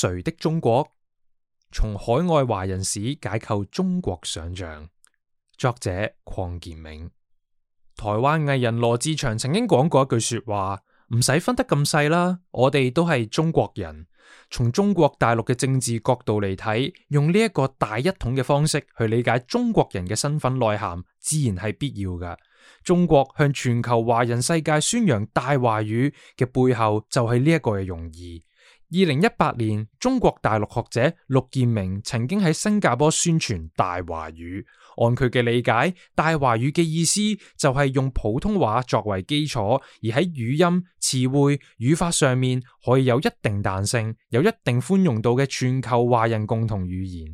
誰的中國？從海外華人史解構中國想像。作者鄺健銘。台灣藝人羅志祥曾經講過一句說話：唔使分得咁細啦，我哋都係中國人。從中國大陸嘅政治角度嚟睇，用呢一個大一統嘅方式去理解中國人嘅身份內涵，自然係必要噶。中國向全球華人世界宣揚大華語嘅背後，就係呢一個嘅用意。二零一八年，中國大陸學者陸建明曾經喺新加坡宣傳大華語。按佢嘅理解，大華語嘅意思就係用普通話作為基礎，而喺語音、詞彙、語法上面可以有一定彈性、有一定寬容度嘅全球華人共同語言。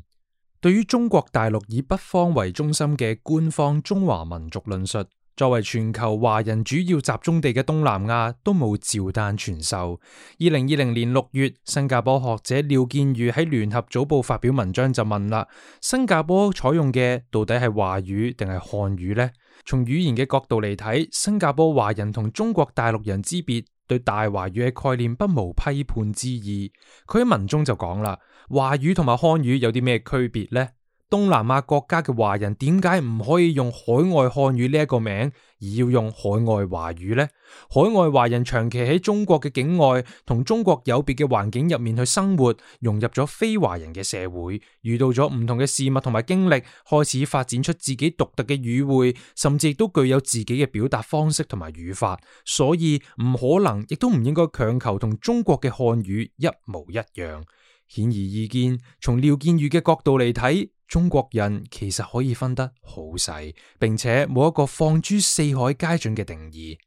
對於中國大陸以北方為中心嘅官方中華民族論述。作為全球華人主要集中地嘅東南亞都冇照單全收。二零二零年六月，新加坡學者廖建宇喺聯合早報發表文章就問啦：「新加坡採用嘅到底係華語定係漢語呢？」從語言嘅角度嚟睇，新加坡華人同中國大陸人之別，對大華語嘅概念不無批判之意。佢喺文中就講啦：「華語同埋漢語有啲咩區別呢？」東南亞國家嘅華人點解唔可以用海外漢語呢一個名，而要用海外華語呢？海外華人長期喺中國嘅境外同中國有別嘅環境入面去生活，融入咗非華人嘅社會，遇到咗唔同嘅事物同埋經歷，開始發展出自己獨特嘅語彙，甚至都具有自己嘅表達方式同埋語法，所以唔可能，亦都唔應該強求同中國嘅漢語一模一樣。顯而易見，從廖建宇嘅角度嚟睇，中國人其實可以分得好細，並且冇一個放諸四海皆準嘅定義。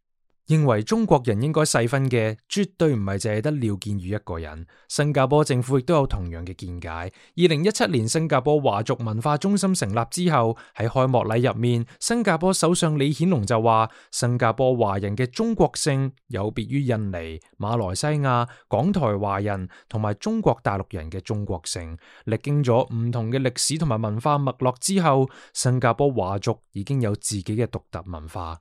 認為中國人應該細分嘅絕對唔係淨係得廖建宇一個人。新加坡政府亦都有同樣嘅見解。二零一七年新加坡華族文化中心成立之後，喺開幕禮入面，新加坡首相李顯龍就話：新加坡華人嘅中國性有別於印尼、馬來西亞、港台華人同埋中國大陸人嘅中國性。歷經咗唔同嘅歷史同埋文化脈絡之後，新加坡華族已經有自己嘅獨特文化。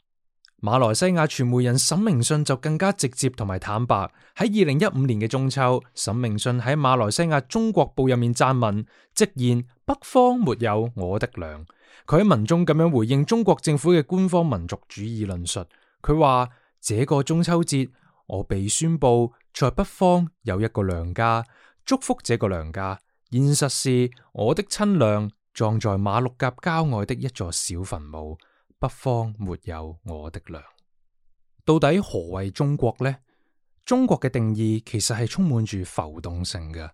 馬來西亞傳媒人沈明信就更加直接同埋坦白，喺二零一五年嘅中秋，沈明信喺馬來西亞中國報入面撰文，直言「北方沒有我的娘。」佢喺文中咁樣回應中國政府嘅官方民族主義論述。佢話：「這個中秋節我被宣布在北方有一個娘家，祝福這個娘家。」現實是，我的親娘葬在馬六甲郊外的一座小墳墓。北方沒有我的糧，到底何謂中國呢？中國嘅定義其實係充滿住浮動性嘅。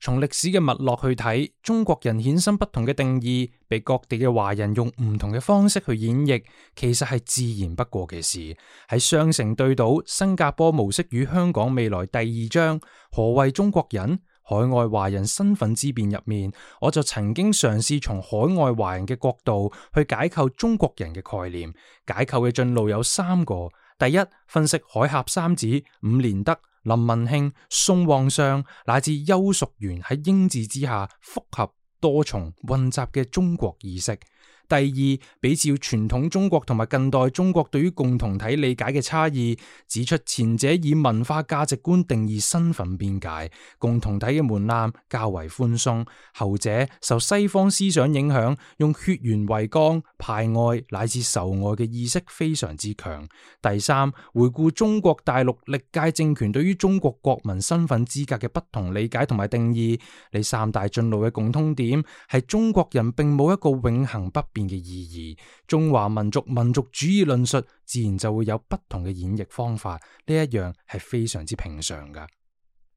從歷史嘅脈絡去睇，中國人衍生不同嘅定義，被各地嘅華人用唔同嘅方式去演繹，其實係自然不過嘅事。喺雙城對倒，新加坡模式與香港未來第二章，何謂中國人？海外華人身份之變入面，我就曾經嘗試從海外華人嘅角度去解構中國人嘅概念。解構嘅進路有三個：第一，分析海峽三子、伍連德、林文慶、宋旺相，乃至邱淑媛喺英治之下複合多重混雜嘅中國意識。第二，比照傳統中國同埋近代中國對於共同體理解嘅差異，指出前者以文化價值觀定義身份邊界，共同體嘅門檻較為寬鬆；後者受西方思想影響，用血緣為綱、排外乃至仇外嘅意識非常之強。第三，回顧中國大陸歷屆政權對於中國國民身份資格嘅不同理解同埋定義，你三大進路嘅共通點係中國人並冇一個永恒不變。嘅意義，中華民族民族主義論述自然就會有不同嘅演繹方法，呢一樣係非常之平常㗎。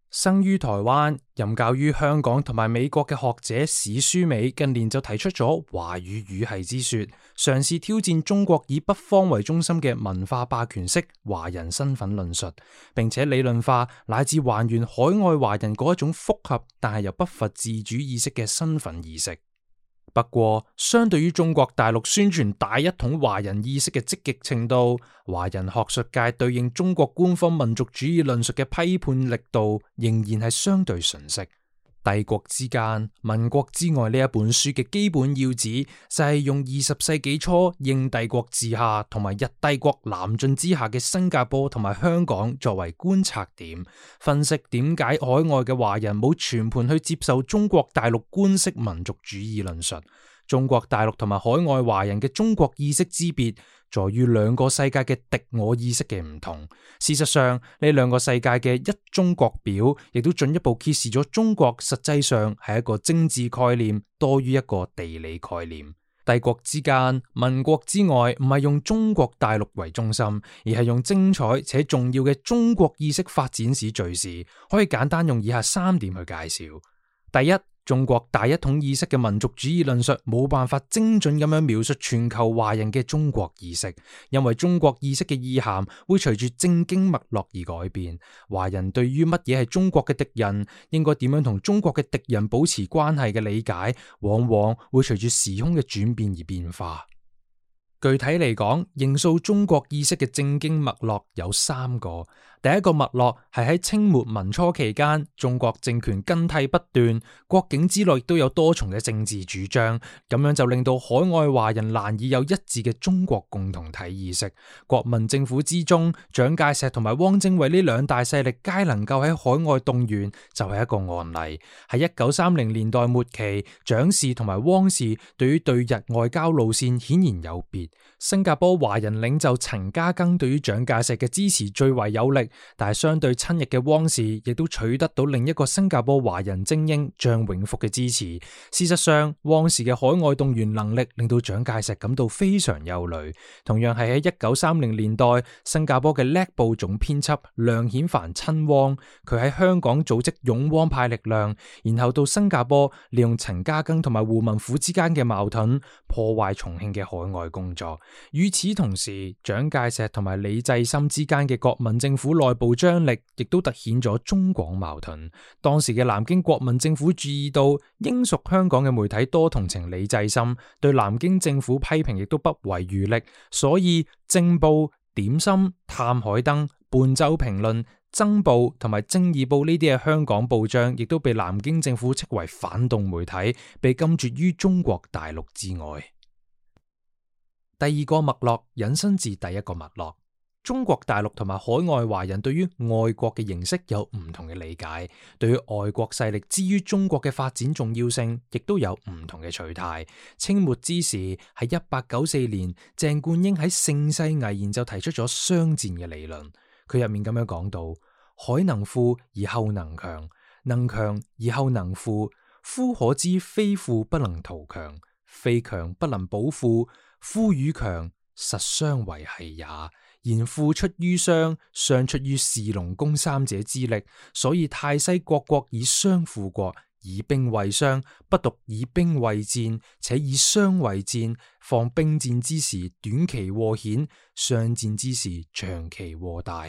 生於台灣、任教於香港同埋美國嘅學者史書美近年就提出咗華語語系之說，嘗試挑戰中國以北方為中心嘅文化霸權式華人身份論述，並且理論化乃至還原海外華人嗰一種複合但係又不乏自主意識嘅身份意識。不過，相對於中國大陸宣傳大一統華人意識嘅積極程度，華人學術界對應中國官方民族主義論述嘅批判力度，仍然係相對遜色。帝國之間、民國之外，呢一本書嘅基本要旨就係用二十世紀初英帝國治下同埋日帝國南進之下嘅新加坡同埋香港作為觀察點，分析點解海外嘅華人冇全盤去接受中國大陸官式民族主義論述。中國大陸同埋海外華人嘅中國意識之別，在於兩個世界嘅敵我意識嘅唔同。事實上，呢兩個世界嘅一中國表，亦都進一步揭示咗中國實際上係一個政治概念多於一個地理概念。帝國之間、民國之外，唔係用中國大陸為中心，而係用精彩且重要嘅中國意識發展史敘事。可以簡單用以下三點去介紹：第一。中國大一統意識嘅民族主義論述冇辦法精準咁樣描述全球華人嘅中國意識，因為中國意識嘅意涵會隨住政經脈絡而改變。華人對於乜嘢係中國嘅敵人，應該點樣同中國嘅敵人保持關係嘅理解，往往會隨住時空嘅轉變而變化。具體嚟講，認數中國意識嘅政經脈絡有三個。第一個脈絡係喺清末民初期間，中國政權更替不斷，國境之內都有多重嘅政治主張，咁樣就令到海外華人難以有一致嘅中國共同體意識。國民政府之中，蔣介石同埋汪精衛呢兩大勢力皆能夠喺海外動員，就係一個案例。喺一九三零年代末期，蔣氏同埋汪氏對於對日外交路線顯然有別。新加坡華人領袖陳嘉庚對於蔣介石嘅支持最為有力。但係相對親日嘅汪氏，亦都取得到另一個新加坡華人精英張永福嘅支持。事實上，汪氏嘅海外動員能力令到蔣介石感到非常憂慮。同樣係喺一九三零年代，新加坡嘅叻報總編輯梁顯凡親汪，佢喺香港組織擁汪派力量，然後到新加坡利用陳嘉庚同埋胡文虎之間嘅矛盾，破壞重慶嘅海外工作。與此同時，蔣介石同埋李濟深之間嘅國民政府。內部張力亦都凸顯咗中港矛盾。當時嘅南京國民政府注意到英屬香港嘅媒體多同情李濟深，對南京政府批評亦都不遺餘力，所以《政報》《點心》《探海燈》《半洲評論》《增報》同埋《正義報》呢啲嘅香港報章，亦都被南京政府斥為反動媒體，被禁絕於中國大陸之外。第二個脈絡引申至第一個脈絡。中國大陸同埋海外華人對於外國嘅認識有唔同嘅理解，對於外國勢力之於中國嘅發展重要性，亦都有唔同嘅取態。清末之時，喺一八九四年，鄭觀應喺《盛世危言》就提出咗商戰嘅理論。佢入面咁樣講到：海能富而後能強，能強而後能富。夫可知非富不能圖強，非強不能保富。夫與強實相為繫也。然富出於商，商出於士、農、工三者之力，所以泰西各國以商富國，以兵衛商，不獨以兵為戰，且以商為戰。放兵戰之時，短期禍顯；商戰之時，長期禍大。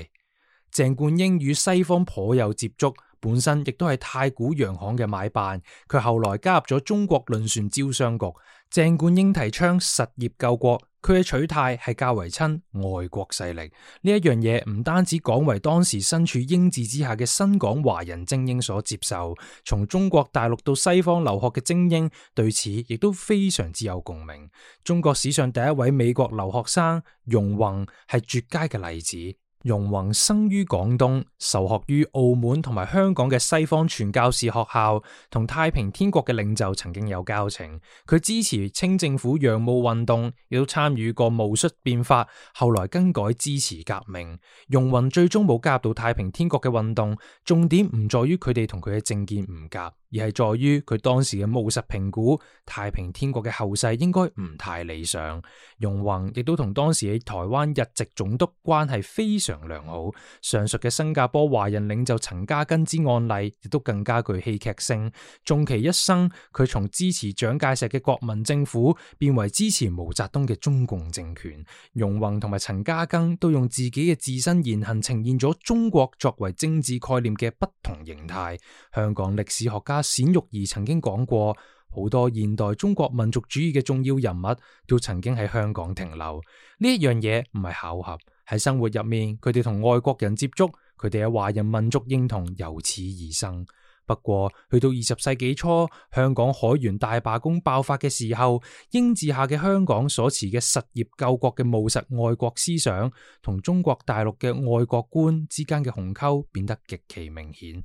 鄭觀應與西方頗有接觸，本身亦都係太古洋行嘅買辦，佢後來加入咗中國輪船招商局。鄭觀應提倡實業救國，佢嘅取態係較為親外國勢力。呢一樣嘢唔單止廣為當時身處英治之下嘅新港華人精英所接受，從中國大陸到西方留學嘅精英對此亦都非常之有共鳴。中國史上第一位美國留學生容閎係絕佳嘅例子。容閎生於廣東，受學於澳門同埋香港嘅西方傳教士學校，同太平天國嘅領袖曾經有交情。佢支持清政府洋務運動，亦都參與過戊戌變法，後來更改支持革命。容閎最終冇加入到太平天國嘅運動，重點唔在於佢哋同佢嘅政見唔夾，而係在於佢當時嘅務實評估，太平天國嘅後世應該唔太理想。容閎亦都同當時喺台灣日籍總督關係非常良好。上述嘅新加坡華人領袖陳嘉庚之案例，亦都更加具戲劇性。縱其一生，佢從支持蔣介石嘅國民政府，變為支持毛澤東嘅中共政權。容閎同埋陳嘉庚都用自己嘅自身言行呈現咗中國作為政治概念嘅不同形態。香港歷史學家，冼玉兒曾經講過，好多現代中國民族主義嘅重要人物都曾經喺香港停留。呢一樣嘢唔係巧合。喺生活入面，佢哋同外國人接觸，佢哋嘅華人民族認同由此而生。不過，去到二十世紀初，香港海員大罷工爆發嘅時候，英治下嘅香港所持嘅實業救國嘅務實愛國思想，同中國大陸嘅愛國觀之間嘅鴻溝變得極其明顯。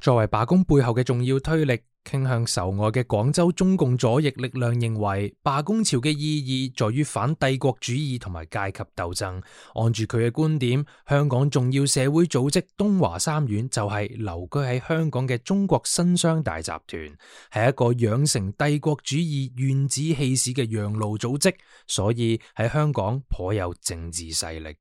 作為罷工背後嘅重要推力，傾向仇外嘅廣州中共左翼力量認為，罷工潮嘅意義在於反帝國主義同埋階級鬥爭。按住佢嘅觀點，香港重要社會組織東華三院就係留居喺香港嘅中國新商大集團，係一個養成帝國主義怨子氣勢嘅洋奴組織，所以喺香港頗有政治勢力。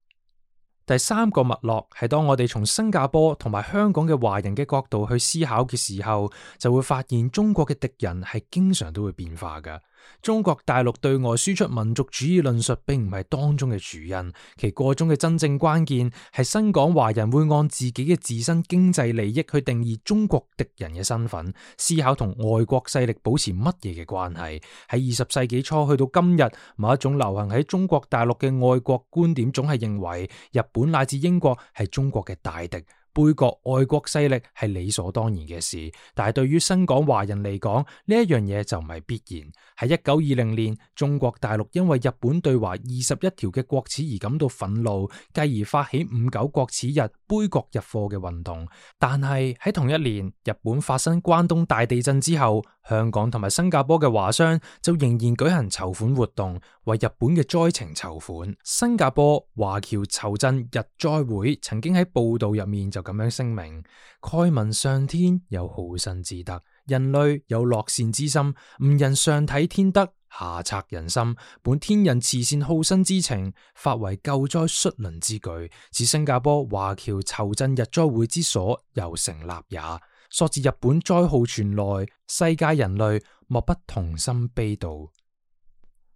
第三個脈絡，係當我哋從新加坡同埋香港嘅華人嘅角度去思考嘅時候，就會發現中國嘅敵人係經常都會變化噶。中國大陸對外輸出民族主義論述，並唔係當中嘅主因，其箇中嘅真正關鍵係新港華人會按自己嘅自身經濟利益去定義中國敵人嘅身份，思考同外國勢力保持乜嘢嘅關係。喺二十世紀初去到今日，某一種流行喺中國大陸嘅外國觀點，總係認為日本乃至英國係中國嘅大敵。背國愛國勢力係理所當然嘅事，但係對於新港華人嚟講呢一樣嘢就唔係必然。喺一九二零年，中國大陸因為日本對華二十一條嘅國恥而感到憤怒，繼而發起五九國恥日杯葛日貨嘅運動。但係喺同一年，日本發生關東大地震之後，香港同埋新加坡嘅華商就仍然舉行籌款活動，為日本嘅災情籌款。新加坡華僑籌賑日災會曾經喺報道入面就，咁樣聲明，蓋聞上天有好生之德，人類有樂善之心。吾人上體天德，下察人心，本天人慈善好生之情，發為救災恤鄰之舉，是新加坡華僑籌賑日災會之所由成立也。溯自日本災號傳來，世界人類莫不同心悲悼。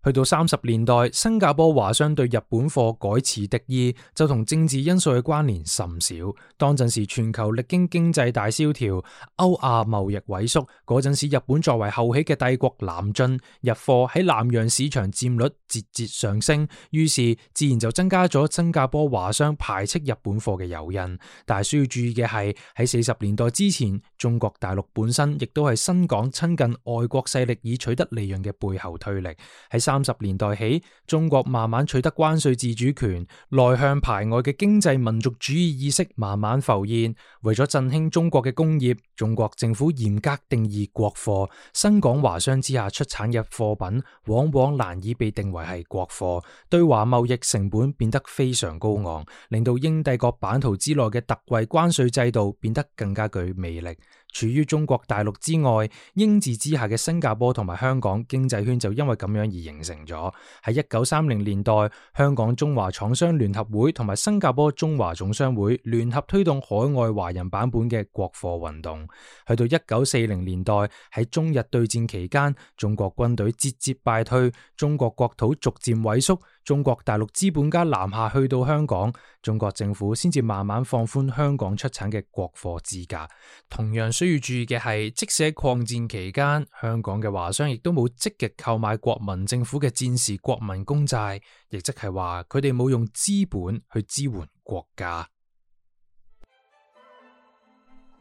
去到三十年代，新加坡華商對日本貨改持敵意，就同政治因素嘅關聯甚少。當陣時全球歷經經濟大蕭條，歐亞貿易萎縮，嗰陣時日本作為後起嘅帝國南進，日貨喺南洋市場占率節節上升，於是自然就增加咗新加坡華商排斥日本貨嘅誘因。但係需要注意嘅係，喺四十年代之前，中國大陸本身亦都係新港親近外國勢力以取得利潤嘅背後推力，喺三十年代起，中國慢慢取得關稅自主權，內向排外嘅經濟民族主義意識慢慢浮現。為咗振興中國嘅工業，中國政府嚴格定義國貨。新港華商之下出產嘅貨品，往往難以被定為係國貨，對華貿易成本變得非常高昂，令到英帝國版圖之內嘅特惠關稅制度變得更加具魅力。處於中國大陸之外，英治之下嘅新加坡同埋香港經濟圈就因為咁樣而形成咗。喺一九三零年代，香港中華廠商聯合會同埋新加坡中華總商會聯合推動海外華人版本嘅國貨運動。去到一九四零年代，喺中日對戰期間，中國軍隊節節敗退，中國國土逐漸萎縮。中國大陸資本家南下去到香港，中國政府先至慢慢放寬香港出產嘅國貨資格。同樣需要注意嘅係，即使喺抗戰期間，香港嘅華商亦都冇積極購買國民政府嘅戰時國民公債，亦即係話佢哋冇用資本去支援國家。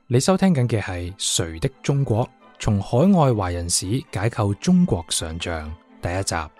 你收聽緊嘅係《誰的中國：從海外華人史解構中國想像》第一集。